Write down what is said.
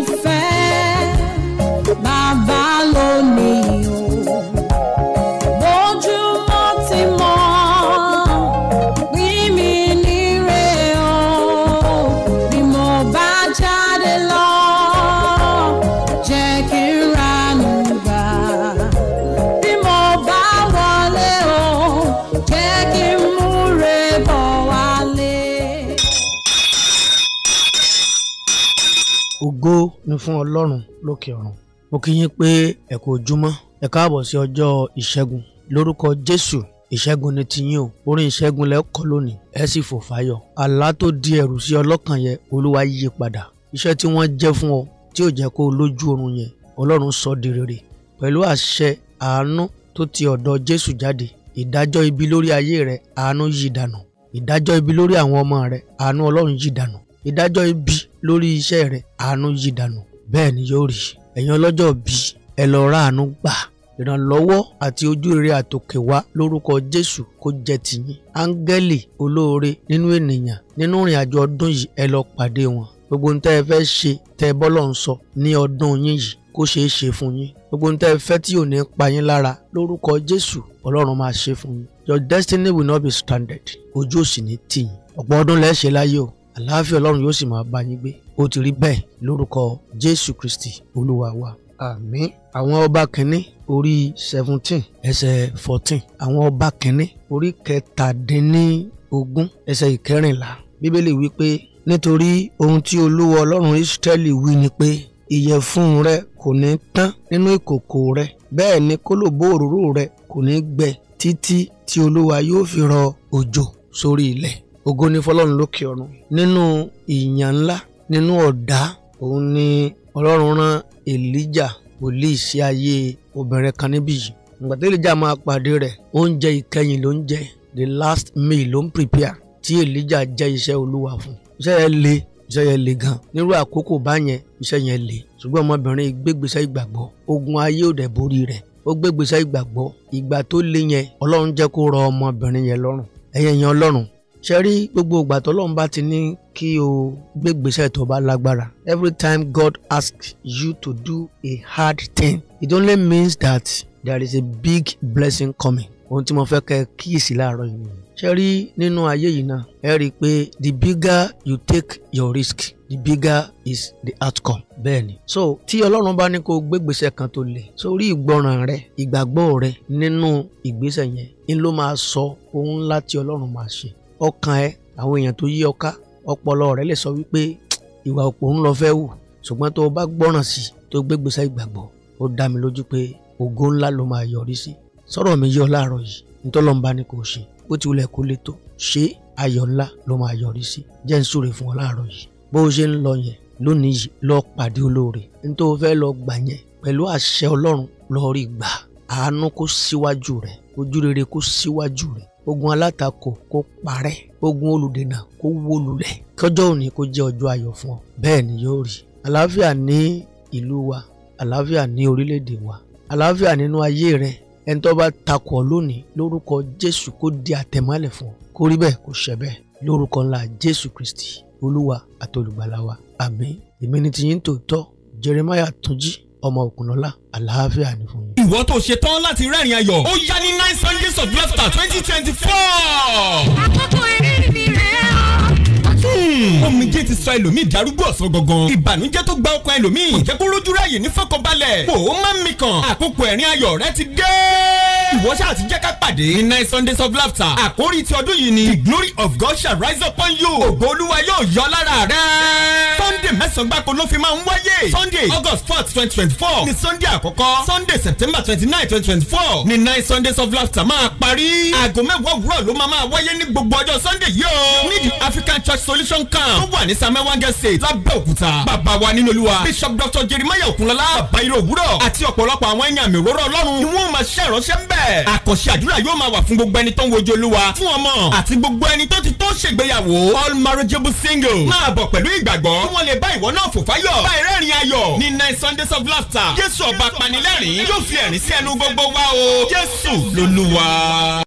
so fast. ògo ni fún ọlọ́run lókè ọ̀run mo kí yín pé ẹ kú ojúmọ́ ẹ káàbọ̀ sí ọjọ́ ìṣẹ́gun lórúkọ jésù ìṣẹ́gun ni tiyín o orin ìṣẹ́gun lẹ kọ lónìí ẹ sì fò fáyọ̀ àlá tó di ẹ̀rù sí ọlọ́kàn yẹn olúwa yí padà iṣẹ́ tí wọ́n jẹ́ fún ọ tí ò jẹ́ kó lójú oorun yẹn ọlọ́run sọ di rere pẹ̀lú àṣẹ àánú tó ti ọ̀dọ̀ jésù jáde ìdájọ́ ibi lórí ayé rẹ àánú yí dànù ìdájọ́ ibi lórí àwọn ọmọ rẹ àánú ọlọ́run yí dànù ìdájọ́ ibi lórí iṣẹ́ rẹ̀ àánú yí dànù bẹ́ẹ̀ ni yóò rí ẹ̀yin ọlọ́jọ́ bí ẹ lọ ra àánú gbà ìrànlọ́wọ́ àti ojú rere àtòkè wá lórúkọ Jésù kó jẹ́ tìyín áńgẹ́lì olóore nínú ènìyàn nínú ìrìn àjò ọdún yìí ẹ lọ pàdé wọn gbogbo ohun tẹ́ ẹ fẹ́ ṣe tẹ́ ẹ bọ́lọ̀ ń sọ ní ọdún yín yìí kó ṣeé ṣe fún yín gbogbo ohun tẹ́ ẹ fẹ́ tí ò ní pa yín lára lórúkọ Jésù Ọlọ́run máa ṣe fún yín your destiny will not be stranded ojú ò ní tì ọ̀pọ̀ ọdún lẹ́ẹ̀ ṣe láyé o àlàáfíà Ọlọ́run yóò sì máa bá yín gbé ó ti rí bẹ́ẹ̀ lórúkọ jésù kristi olúwa wa àmín àwọn ọba kìnní orí seventeen ẹsẹ̀ fourteen àwọn ọba kìnní orí kẹtàdínníogún ẹsẹ̀ ìkẹrìnlá bíbélì wípé nítorí ohun tí olúwa ọlọ́run israẹli wí ni pé ìyẹ̀fun rẹ kò ní tán nínú ìkòkò rẹ bẹ́ẹ̀ ni kólòbó òróró rẹ kò ní gbẹ títí tí olúwa yóò fi rọ òjò sórí ilẹ̀ ògo ni fọlọ́run lókè ọ̀run nínú ìyàn ńlá nínú ọ̀dá òun ni ọlọ́run rán Elijah wòlíì sí ayé obìnrin kan níbí yìí ìgbà tí Elijah máa pàdé rẹ̀ oúnjẹ ìkẹyìn ló ń jẹ the last meal ló ń prepare tí Elijah jẹ́ iṣẹ́ olúwa fún iṣẹ́ yẹn le iṣẹ́ yẹn le gan nírú àkókò báyẹn iṣẹ́ yẹn le ṣùgbọ́n ọmọbìnrin gbégbèsè ìgbàgbọ́ ogun ayé ò dẹ̀ borí rẹ̀ ó gbégbèsè ìgbàgbọ́ ìgbà tó le yẹn ọlọ́run jẹ́ kó rọ ọmọbìnrin yẹn lọ́rùn ẹ̀yẹ̀ ọlọ́run ṣe rí gbogbo ìgbà tó lọ́n bá ti ní kí o gbégbèsè tó bá lágbára every time God asks you to do a hard thing it only means that there is a big blessing coming ohun tí mo fẹ́ kẹ́ kíyèsí láàárọ̀ yìí nìyẹn ṣe rí nínú ayé yìí náà ẹ rí i pé the bigger you take your risk the bigger is the outcome bẹ́ẹ̀ so tí ọlọ́run bá ní kó gbégbèsè kan tó le sórí ìgbọràn rẹ ìgbàgbọ́ rẹ nínú ìgbésẹ̀ yẹn ń ló máa sọ ohun ńlá tí ọlọ́run máa ṣe ọkàn ẹ àwọn èèyàn tó yí ọká ọpọlọ rẹ lè sọ wípé ìwà òpó ń lọ fẹ́ wù ṣùgbọ́n tó o bá gbọ́ràn sí tó o gbégbèsè ìgbàgbọ́ ó dá mi lójú pé ògo ńlá ló máa yọrí sí sọ̀rọ̀ mi yọ láàárọ̀ yìí ntọ́lọ́mba ni kò ṣe bó ti wulẹ̀ kó lè tó ṣé ayọ̀ ńlá ló máa yọrí sí jẹ́ ń súre fún ọ láàárọ̀ yìí bó o ṣe ń lọ yẹn lónìí yìí lọ pàdé olóore nítorí o fẹ́ lọ gbà yẹn pẹ̀lú àṣẹ ọlọ́run lọ rí gbà àánú kó síwájú rẹ ojú rere kó síwájú rẹ ogun alátakò kó parẹ́ ogun olùdènà kó wó lulẹ̀ kọjọ́ òní kó jẹ́ ọjọ́ ayọ̀ fún ọ bẹ́ẹ̀ ni yóò rí àlàáfíà ní ìlú wa àlàáfíà ní orílẹ̀-èdè wa àlàáfíà nínú ayé rẹ ẹni tó bá takò lónìí lórúkọ Jésù kó di àtẹ̀mọ́lẹ̀ fún ọ kó rí bẹ́ẹ̀ kó ṣẹ bẹ́ẹ̀ lórúkọ ńlá Jésù Kristi olúwa àti olùgbàlà wa àmín èmi ni tiyín tòótọ́ Jeremiah Túnjí ọmọ Òkùnlọ́lá àlàáfíà ni fún yín ìwọ tó ṣe tán láti rẹ́rìn ayọ̀ ó yá ní nine sundays of laughter twenty twenty four. àkókò eré mi rẹ̀ ọ́. omijé ti sọ ẹlòmíì darúgbó ọ̀sán gangan ìbànújẹ́ tó gba ọkàn ẹlòmíì kò jẹ́ kó rójú ráyè ní fọkànbalẹ̀ kò ó má mikàn àkókò ẹ̀rín ayọ̀ rẹ ti dé ìwọ ṣáà ti jẹ́ ká pàdé ní nine sundays of laughter àkórí ti ọdún yìí ni the glory of God shall rise upon you ògo olúwa yóò yọ lára rẹ. sunday mẹ́sàn-án gbáko ló fi máa ń wáyé sunday august fourth twenty twenty four ni sunday àkọ́kọ́ sunday september twenty nine twenty twenty four ni nine sundays of laughter máa parí aago mẹ́wàá òwúrọ̀ ló máa máa wáyé ní gbogbo ọjọ́ sunday yìí o ní African Church Solution Camp. wọ́n wà ní Sam Ewange State lábẹ́òkúta. bàbá wa nínú Olúwa Bishop Dr Jeremiah Okunlola bàbá ire òwúrọ̀ àti ọ̀pọ̀lọpọ̀ àwọn ẹ̀yàn àmì òróró Ọlọ́run ni wọ́n máa ṣe ìránṣẹ́ ń bẹ̀. àkànṣe àdúrà yóò máa wà fún gbogbo ẹni tó ń wojú Olúwa fún ọmọ àti gbogbo ẹni tó ti tó ṣègbéyàwó all marriageable single. máa bọ̀ pẹ̀lú ìgbàgbọ́ kí wọ́n lè bá ìwọ náà fò fáyọ̀ bá ìrẹ́rìn Sundays of laughter Jésù ọba panilẹ́rìn yóò fi ẹ̀rín sí ẹnu gbogbo wa o Jésù